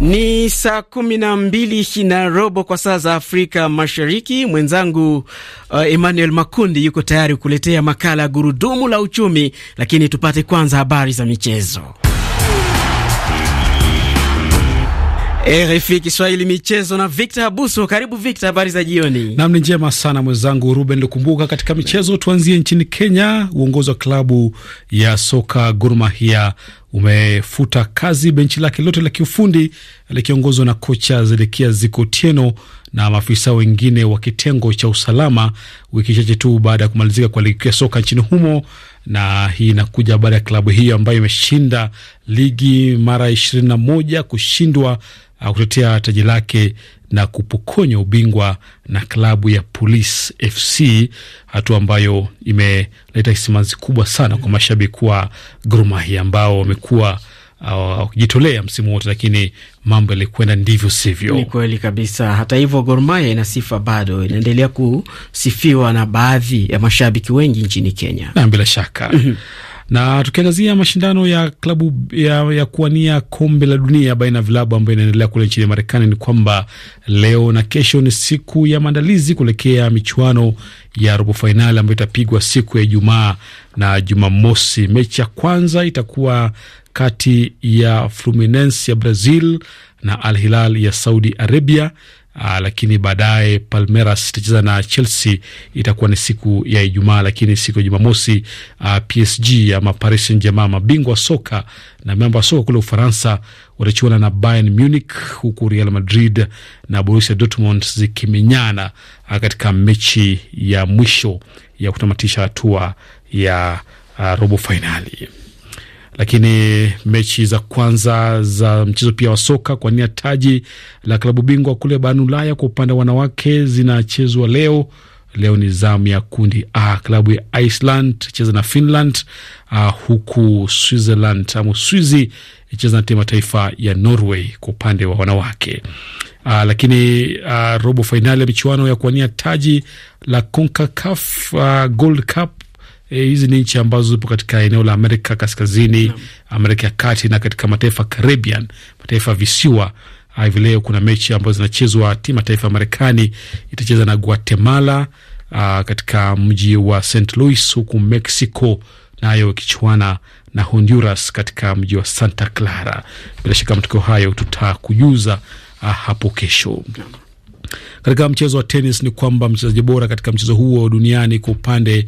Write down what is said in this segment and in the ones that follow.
Ni saa kumi na mbili na robo kwa saa za Afrika Mashariki. Mwenzangu uh, Emmanuel Makundi yuko tayari kukuletea makala ya gurudumu la uchumi, lakini tupate kwanza habari za michezo. RFI Kiswahili michezo na Victor Abuso. Karibu Victor, habari za jioni. Nam ni njema sana mwenzangu Ruben Lukumbuka. Katika michezo tuanzie nchini Kenya. Uongozi wa klabu ya soka Gor Mahia umefuta kazi benchi lake lote la kiufundi likiongozwa na kocha Zedekia Zikotieno na maafisa wengine wa kitengo cha usalama, wiki chache tu baada ya kumalizika kwa ligi ya soka nchini humo. Na hii inakuja baada ya klabu hiyo ambayo imeshinda ligi mara ishirini na moja kushindwa kutetea taji lake na kupokonywa ubingwa na klabu ya Police FC, hatua ambayo imeleta simanzi kubwa sana kwa mashabiki wa Gor Mahia ambao wamekuwa uh, wakijitolea uh, msimu wote, lakini mambo yalikwenda ndivyo sivyo. Ni kweli kabisa. Hata hivyo, Gor Mahia ina sifa bado, inaendelea kusifiwa na baadhi ya mashabiki wengi nchini Kenya na bila shaka mhm. Na tukiangazia mashindano ya klabu ya, ya kuwania kombe la dunia baina ya vilabu ambayo inaendelea kule nchini Marekani ni kwamba leo na kesho ni siku ya maandalizi kuelekea michuano ya robo fainali ambayo itapigwa siku ya Ijumaa na Jumamosi. Mechi ya kwanza itakuwa kati ya Fluminense ya Brazil na Al Hilal ya Saudi Arabia. Aa, ah, lakini baadaye Palmeiras itacheza na Chelsea, itakuwa ni siku ya Ijumaa. Lakini siku ya Jumamosi ah, PSG ama Paris Saint-Germain, mabingwa soka na mambo soka kule Ufaransa, watachuana na Bayern Munich, huku Real Madrid na Borussia Dortmund zikimenyana ah, katika mechi ya mwisho ya kutamatisha hatua ya robo fainali. Lakini mechi za kwanza za mchezo pia wa soka kwa nia taji la klabu bingwa kule barani Ulaya kwa upande wa wanawake zinachezwa leo. Leo ni zamu ya kundi A, klabu ya Iceland cheza na Finland a, ah, huku Switzerland ama Swizi icheza na timu taifa ya Norway kwa upande wa wanawake. Uh, lakini uh, robo fainali ya michuano ya kuwania taji la CONCACAF Gold Cup E, hizi ni nchi ambazo zipo katika eneo la Amerika Kaskazini, Amerika ya Kati na katika mataifa Caribbean, mataifa visiwa. Ah, hivi leo kuna mechi ambazo zinachezwa, timu ya taifa ya Marekani itacheza na Guatemala a, ah, katika mji wa St Louis, huku Mexico nayo na ikichuana na Honduras katika mji wa Santa Clara. Bila shaka matokeo hayo tutakujuza ah, hapo kesho. Katika mchezo wa tenis ni kwamba mchezaji bora katika mchezo huo duniani kwa upande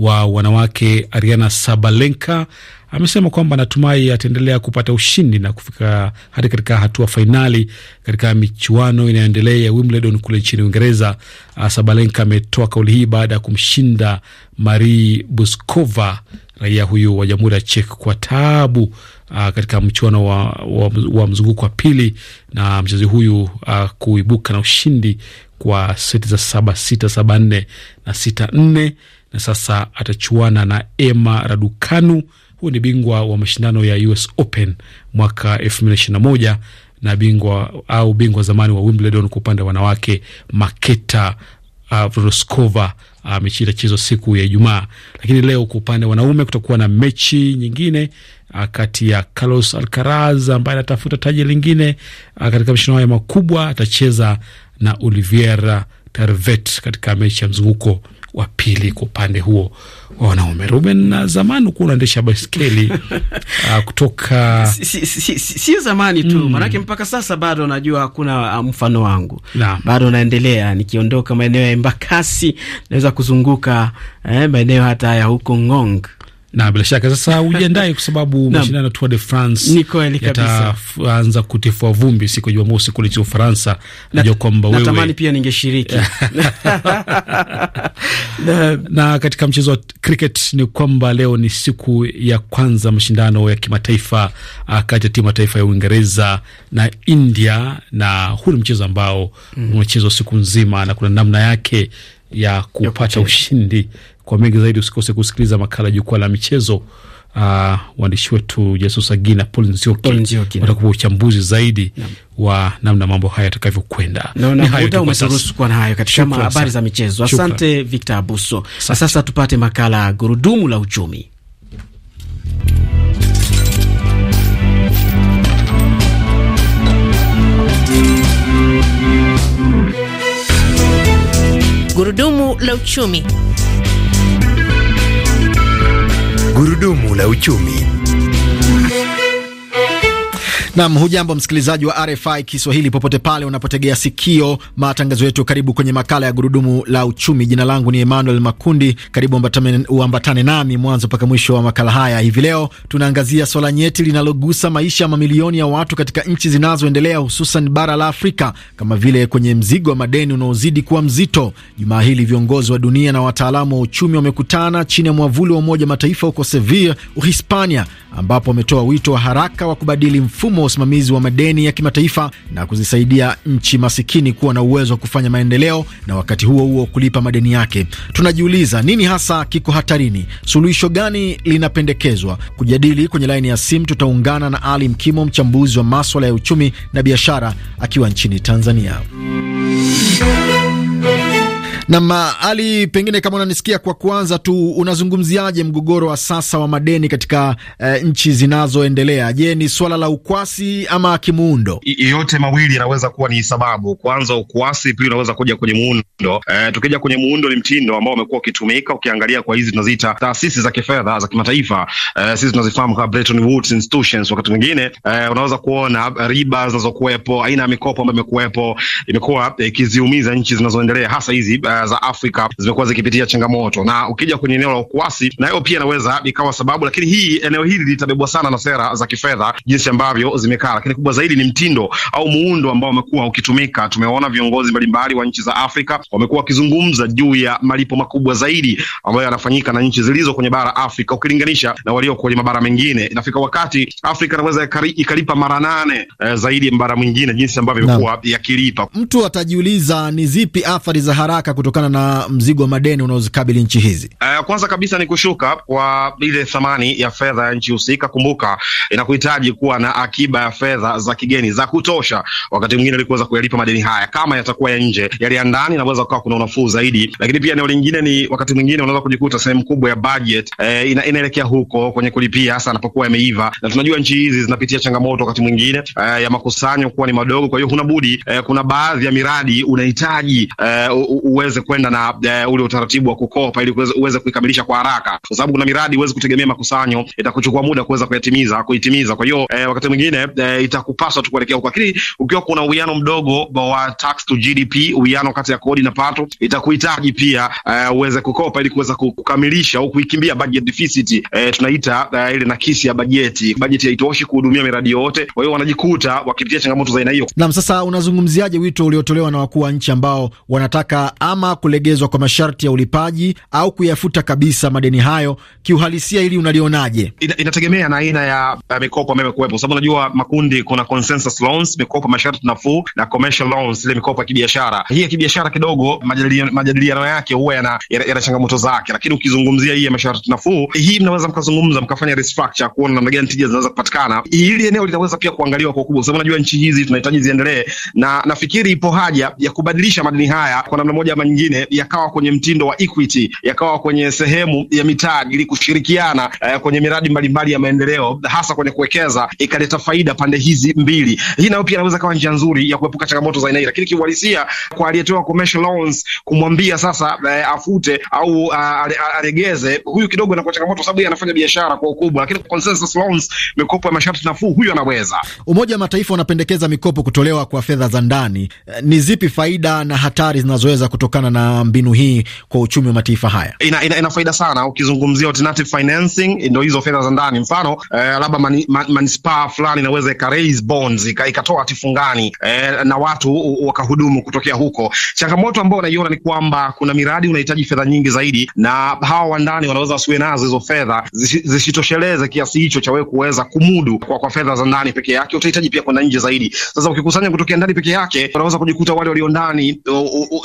wa wanawake Ariana Sabalenka amesema kwamba anatumai ataendelea kupata ushindi na kufika hadi katika hatua fainali katika michuano inayoendelea ya Wimbledon kule nchini Uingereza. Ah, Sabalenka ametoa kauli hii baada ya kumshinda Marie Buskova, raia huyu wa Jamhuri ya Czech kwa taabu ah, katika mchuano wa, wa, wa mzunguko wa pili na mchezaji huyu a, ah, kuibuka na ushindi kwa seti za saba sita saba nne na sita nne na sasa atachuana na Emma Raducanu. Huyu ni bingwa wa mashindano ya US Open mwaka 2021 na bingwa au bingwa zamani wa Wimbledon kwa upande wa wanawake Maketa Vroskova uh, uh mechi itachezwa siku ya Ijumaa. Lakini leo kwa upande wa wanaume kutakuwa na mechi nyingine uh, kati ya Carlos Alcaraz ambaye anatafuta taji lingine uh, katika mashindano haya makubwa, atacheza na Olivier Tarvet katika mechi ya mzunguko wa pili kwa upande huo wa wanaume. Ruben, na zamani ukuwa unaendesha baiskeli uh, kutoka sio si, si, si, si zamani tu mm. Manake mpaka sasa bado najua hakuna ah, mfano wangu na. Bado naendelea nikiondoka maeneo ya Embakasi naweza kuzunguka eh, maeneo hata ya huko Ngong na bila shaka sasa ujiandae kwa sababu mashindano ya Tour de France yataanza kutifua vumbi siku ya Jumamosi kule nchini Ufaransa. Najua kwamba wewe natamani pia ningeshiriki na, na katika mchezo wa cricket ni kwamba leo ni siku ya kwanza mashindano ya kimataifa ah, kati ya timu ya taifa ya Uingereza na India, na huu ni mchezo ambao mm, unachezwa siku nzima na kuna namna yake ya kupata ushindi kwa mengi zaidi usikose kusikiliza makala jukwaa la michezo. uandishi waandishi wetu Jesus Agina Paul Nzioki watakupa uchambuzi zaidi na wa namna mambo haya yatakavyokwenda. habari za michezo. Asante Victor Abuso. Na sasa tupate makala ya gurudumu la uchumi. Gurudumu la uchumi. Gurudumu la uchumi. Nam, hujambo msikilizaji wa RFI Kiswahili popote pale unapotegea sikio matangazo yetu. Karibu kwenye makala ya gurudumu la uchumi. Jina langu ni Emmanuel Makundi. Karibu uambatane nami mwanzo mpaka mwisho wa makala haya. Hivi leo tunaangazia swala nyeti linalogusa maisha ya mamilioni ya watu katika nchi zinazoendelea, hususan bara la Afrika, kama vile kwenye mzigo wa madeni unaozidi kuwa mzito. Jumaa hili viongozi wa dunia na wataalamu wa uchumi wamekutana chini ya mwavuli wa Umoja Mataifa huko Sevilla, Uhispania, ambapo wametoa wito wa haraka wa kubadili mfumo mfumo wa usimamizi wa madeni ya kimataifa na kuzisaidia nchi masikini kuwa na uwezo wa kufanya maendeleo na wakati huo huo kulipa madeni yake. Tunajiuliza nini hasa kiko hatarini? Suluhisho gani linapendekezwa? Kujadili kwenye laini ya simu tutaungana na Ali Mkimo, mchambuzi wa maswala ya uchumi na biashara, akiwa nchini Tanzania. Na Ali, pengine kama unanisikia, kwa kwanza tu unazungumziaje mgogoro wa sasa wa madeni katika e, nchi zinazoendelea? Je, ni swala la ukwasi ama kimuundo? Yote mawili yanaweza kuwa ni sababu. Kwanza ukwasi, pili unaweza kuja kwenye muundo. E, tukija kwenye muundo, ni mtindo ambao umekuwa ukitumika. Ukiangalia kwa hizi tunaziita taasisi za kifedha za kimataifa, e, sisi tunazifahamu kama Bretton Woods institutions. Wakati mwingine e, unaweza kuona riba zinazokuwepo, aina ya mikopo ambayo imekuwepo imekuwa ikiziumiza e, nchi zinazoendelea hasa hizi e, wilaya za Afrika zimekuwa zikipitia changamoto, na ukija kwenye eneo la ukuasi na hiyo pia inaweza ikawa sababu, lakini hii eneo hili litabebwa sana na sera za kifedha jinsi ambavyo zimekaa, lakini kubwa zaidi ni mtindo au muundo ambao umekuwa ukitumika. Tumeona viongozi mbalimbali wa nchi za Afrika wamekuwa wakizungumza juu ya malipo makubwa zaidi ambayo yanafanyika na nchi zilizo kwenye bara Afrika ukilinganisha na walio kwenye mabara mengine. Inafika wakati Afrika inaweza ikalipa mara nane eh, zaidi ya mabara mwingine, jinsi ambavyo imekuwa yakilipa. Mtu atajiuliza ni zipi athari za haraka kutoka kutokana na mzigo wa madeni unaozikabili nchi hizi? Uh, kwanza kabisa ni kushuka kwa ile thamani ya fedha ya nchi husika. Kumbuka inakuhitaji kuwa na akiba ya fedha za kigeni za kutosha, wakati mwingine ili kuweza kuyalipa madeni haya. Kama yatakuwa ya nje, yale ya ndani inaweza kuwa kuna unafuu zaidi, lakini pia eneo lingine ni wakati mwingine unaweza kujikuta sehemu kubwa ya budget eh, ina, inaelekea huko kwenye kulipia, hasa anapokuwa yameiva, na tunajua nchi hizi zinapitia changamoto wakati mwingine eh, ya makusanyo kuwa ni madogo. Kwa hiyo huna budi eh, kuna baadhi ya miradi unahitaji eh, uweze uweze kwenda na uh, ule utaratibu wa kukopa ili uweze kuikamilisha kwa haraka, kwa sababu kuna miradi huwezi kutegemea makusanyo, itakuchukua muda kuweza kuyatimiza kuitimiza. Kwa hiyo eh, wakati mwingine eh, itakupaswa tu kuelekea huko, lakini ukiwa kuna uwiano mdogo wa tax to GDP, uwiano kati ya kodi na pato, itakuhitaji pia eh, uweze kukopa ili kuweza kukamilisha au kuikimbia budget deficit eh, tunaita eh, ile nakisi ya bajeti. Bajeti haitoshi kuhudumia miradi yote, kwa hiyo wanajikuta wakipitia changamoto za aina hiyo. Naam, sasa unazungumziaje wito uliotolewa na wakuu wa nchi ambao wanataka kama kulegezwa kwa masharti ya ulipaji au kuyafuta kabisa madeni hayo. Kiuhalisia ili unalionaje? Ina, inategemea na aina ya uh, mikopo ambayo imekuwepo, sababu unajua makundi, kuna consensus loans, mikopo masharti nafuu, na commercial loans, ile mikopo ya kibiashara. Hii ya kibiashara kidogo majadiliano yake huwa yana, yana, yana changamoto zake, lakini ukizungumzia hii ya masharti nafuu, hii mnaweza mkazungumza mkafanya restructure kuona namna gani tija zinaweza kupatikana. Hili eneo litaweza pia kuangaliwa kwa ukubwa, sababu unajua nchi hizi tunahitaji ziendelee, na nafikiri ipo haja ya kubadilisha madeni haya kwa namna moja ama nyingine yakawa kwenye mtindo wa Equity, yakawa kwenye sehemu ya mitaa ili kushirikiana eh, kwenye miradi mbalimbali ya maendeleo, hasa kwenye kuwekeza, ikaleta faida pande hizi mbili. Hii nayo pia inaweza kuwa njia nzuri ya kuepuka changamoto za aina hii, lakini kiuhalisia, kwa aliyetoa commercial loans kumwambia sasa eh, afute au ah, aregeze, huyu kidogo inakuwa changamoto, sababu anafanya biashara kwa ukubwa, lakini consensus loans, mikopo ya masharti nafuu, huyu anaweza. Umoja wa Mataifa unapendekeza mikopo kutolewa kwa fedha za ndani. Eh, ni zipi faida na hatari zinazoweza kutoka kutokana na mbinu hii kwa uchumi wa mataifa haya? Ina, ina, ina faida sana. Ukizungumzia alternative financing, ndio hizo fedha za ndani. Mfano eh, labda mani, manispaa fulani inaweza ika raise bonds ikatoa hatifungani eh, na watu wakahudumu kutokea huko. Changamoto ambayo unaiona ni kwamba kuna miradi unahitaji fedha nyingi zaidi, na hawa wandani wanaweza wasiwe nazo hizo fedha, zisitosheleze kiasi hicho cha wewe kuweza kumudu kwa, kwa fedha za ndani peke yake. Utahitaji pia kwenda nje zaidi. Sasa ukikusanya kutokea ndani peke yake, unaweza kujikuta wale walio ndani,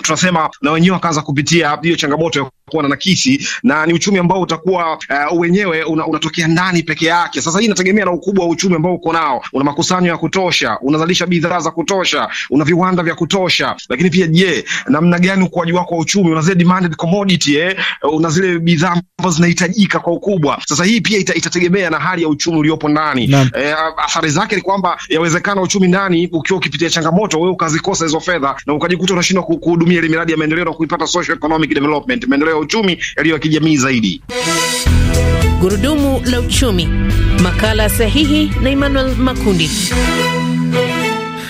tunasema na wenyewe wakaanza kupitia hiyo changamoto ya kuwa na nakisi, na ni uchumi ambao utakuwa uh, wenyewe una, unatokea ndani peke yake. Sasa hii inategemea na ukubwa wa uchumi ambao uko nao. Una makusanyo ya kutosha, unazalisha bidhaa za kutosha, una viwanda vya kutosha, lakini pia je, namna gani ukuaji wako wa uchumi? Una zile demanded commodity eh, una zile bidhaa ambazo zinahitajika kwa ukubwa. Sasa hii pia ita, itategemea na hali ya uchumi uliopo ndani Eh, athari zake ni kwamba yawezekana uchumi ndani ukiwa ukipitia changamoto, wewe ukazikosa hizo fedha na ukajikuta unashindwa kuhudumia ile miradi ya maendeleo na kuipata socio economic development, maendeleo ya uchumi yaliyo ya kijamii zaidi. Gurudumu la uchumi, makala sahihi na Emmanuel Makundi.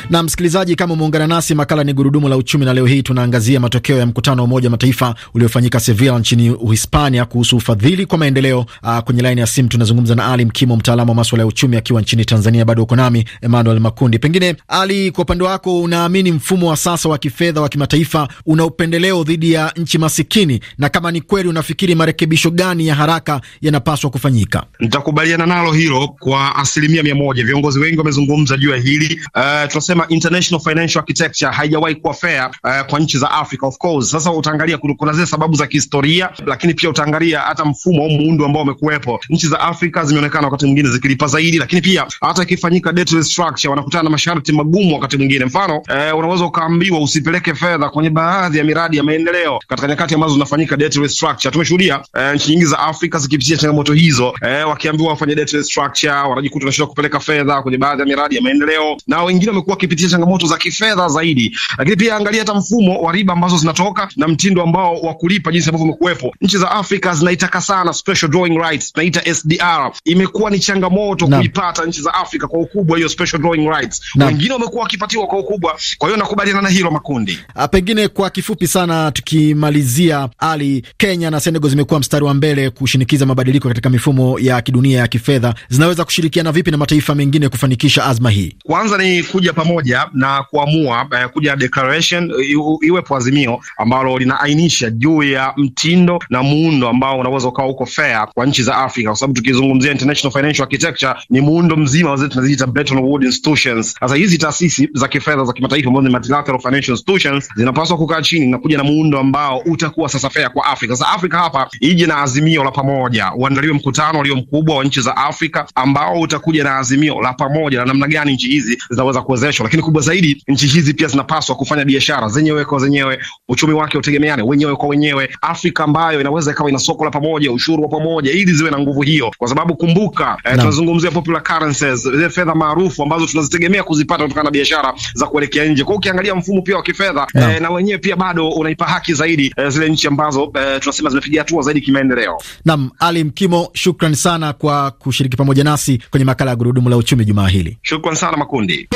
Na msikilizaji, kama umeungana nasi, makala ni gurudumu la uchumi, na leo hii tunaangazia matokeo ya mkutano wa Umoja Mataifa uliofanyika Sevilla nchini Uhispania kuhusu ufadhili kwa maendeleo. Uh, kwenye laini ya simu tunazungumza na Ali Mkimo, mtaalamu wa maswala ya uchumi akiwa nchini Tanzania. Bado uko nami Emmanuel Makundi. Pengine Ali, kwa upande wako, unaamini mfumo wa sasa wa kifedha wa kimataifa una upendeleo dhidi ya nchi masikini, na kama ni kweli, unafikiri marekebisho gani ya haraka yanapaswa kufanyika? Nitakubaliana nalo hilo kwa asilimia mia moja. Viongozi wengi wamezungumza juu ya hili uh, wanasema international financial architecture haijawahi kuwa fair uh, kwa nchi za Africa of course. Sasa utaangalia kuna zile sababu za kihistoria, lakini pia utaangalia hata mfumo au muundo ambao umekuwepo. Nchi za Africa zimeonekana wakati mwingine zikilipa zaidi, lakini pia hata ikifanyika debt restructure wanakutana na masharti magumu wakati mwingine. Mfano uh, unaweza ukaambiwa usipeleke fedha kwenye baadhi ya miradi ya maendeleo katika nyakati ambazo zinafanyika debt restructure. Tumeshuhudia uh, nchi nyingi za Afrika zikipitia changamoto hizo uh, wakiambiwa wafanye debt restructure wanajikuta wanashindwa kupeleka fedha kwenye baadhi ya miradi ya maendeleo, na wengine wamekuwa wakipitia changamoto za kifedha zaidi. Lakini pia angalia hata mfumo wa riba ambazo zinatoka na mtindo ambao wa kulipa, jinsi ambavyo umekuwepo. Nchi za Afrika zinaitaka sana special drawing rights, tunaita SDR. Imekuwa ni changamoto na kuipata nchi za Afrika kwa ukubwa hiyo special drawing rights wengine wamekuwa wakipatiwa kwa ukubwa. Kwa hiyo nakubaliana na hilo makundi. A, ah, pengine kwa kifupi sana tukimalizia, Ali, Kenya na Senegal zimekuwa mstari wa mbele kushinikiza mabadiliko katika mifumo ya kidunia ya kifedha. Zinaweza kushirikiana vipi na mataifa mengine kufanikisha azma hii? Kwanza ni kuja pamoja pamoja na kuamua uh, kuja declaration iwepo azimio ambalo linaainisha juu ya mtindo na muundo ambao unaweza ukawa uko fair kwa nchi za Afrika, kwa sababu tukizungumzia international financial architecture ni muundo mzima zile tunaziita Bretton Woods institutions. Sasa hizi taasisi za kifedha za kimataifa ambazo ni multilateral financial institutions zinapaswa kukaa chini na kuja na muundo ambao utakuwa sasa fair kwa Afrika. Sasa Afrika hapa ije na azimio la pamoja, uandaliwe mkutano ulio mkubwa wa nchi za Afrika ambao utakuja na azimio la pamoja la namna gani nchi hizi zinaweza kuwezeshwa lakini kubwa zaidi, nchi hizi pia zinapaswa kufanya biashara zenyewe kwa zenyewe, uchumi wake utegemeane wenyewe kwa wenyewe. Afrika ambayo inaweza ikawa ina soko la pamoja, ushuru wa pamoja, ili ziwe na nguvu hiyo, kwa sababu kumbuka, eh, tunazungumzia popular currencies, zile fedha maarufu ambazo tunazitegemea kuzipata kutokana na biashara za kuelekea nje. Kwa ukiangalia mfumo pia wa kifedha eh, na wenyewe pia bado unaipa haki zaidi eh, zile nchi ambazo eh, tunasema zimepiga hatua zaidi kimaendeleo. Naam, Ali Mkimo, shukran sana kwa kushiriki pamoja nasi kwenye makala ya gurudumu la uchumi jumaa hili. Shukran sana Makundi.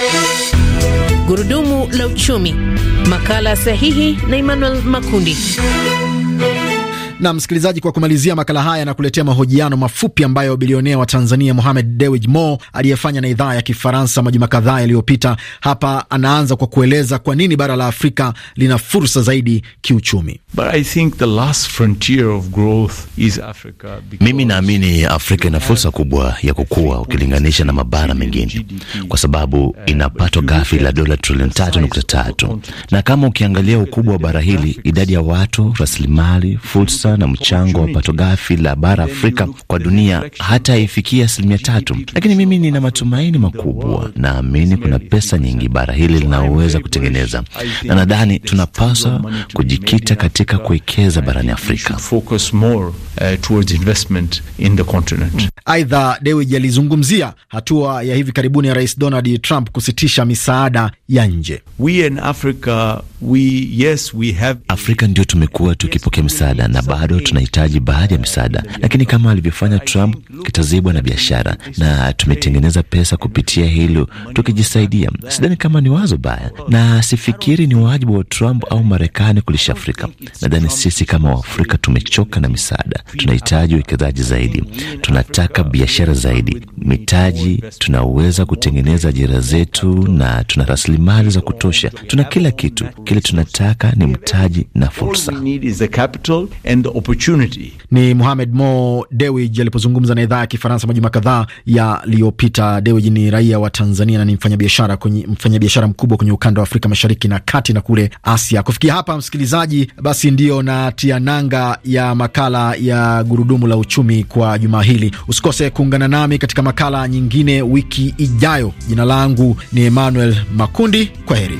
Gurudumu la uchumi, makala sahihi na Emmanuel Makundi. Na msikilizaji, kwa kumalizia makala haya na kuletea mahojiano mafupi ambayo bilionea wa Tanzania Mohamed Dewji Mo aliyefanya na idhaa ya Kifaransa majuma kadhaa yaliyopita. Hapa anaanza kwa kueleza kwa nini bara la Afrika lina fursa zaidi kiuchumi. mimi naamini Afrika ina fursa kubwa ya kukua ukilinganisha na mabara mengine, uh, kwa sababu ina pato ghafi la dola trilioni 3.3 na kama ukiangalia ukubwa wa bara hili, idadi ya watu, rasilimali, fursa sifa na mchango wa pato ghafi la bara Afrika kwa dunia hata haifikia asilimia tatu, lakini mimi nina matumaini makubwa. Naamini kuna pesa nyingi bara hili linaoweza kutengeneza, na nadhani tunapaswa kujikita katika kuwekeza barani Afrika. Aidha, Dewji alizungumzia hatua ya hivi karibuni ya Rais Donald Trump kusitisha misaada ya nje. We in Africa We, yes, we have... Afrika ndio tumekuwa tukipokea misaada na bado tunahitaji baadhi ya misaada, lakini kama alivyofanya Trump kitazibwa na biashara, na tumetengeneza pesa kupitia hilo tukijisaidia. Sidhani kama ni wazo baya, na sifikiri ni wajibu wa Trump au Marekani kulisha Afrika. Nadhani sisi kama Waafrika tumechoka na misaada, tunahitaji uwekezaji zaidi, tunataka biashara zaidi, mitaji. Tunaweza kutengeneza ajira zetu na tuna rasilimali za kutosha, tuna kila kitu kile tunataka ni mtaji na fursa. Ni Muhamed Mo dewi alipozungumza na idhaa ya Kifaransa majuma kadhaa yaliyopita. dewi ni raia wa Tanzania na ni mfanyabiashara mfanyabiashara mkubwa kwenye ukanda wa Afrika Mashariki na Kati na kule Asia. Kufikia hapa, msikilizaji, basi ndiyo na tia nanga ya makala ya gurudumu la uchumi kwa juma hili. Usikose kuungana nami katika makala nyingine wiki ijayo. Jina langu ni Emmanuel Makundi. Kwa heri.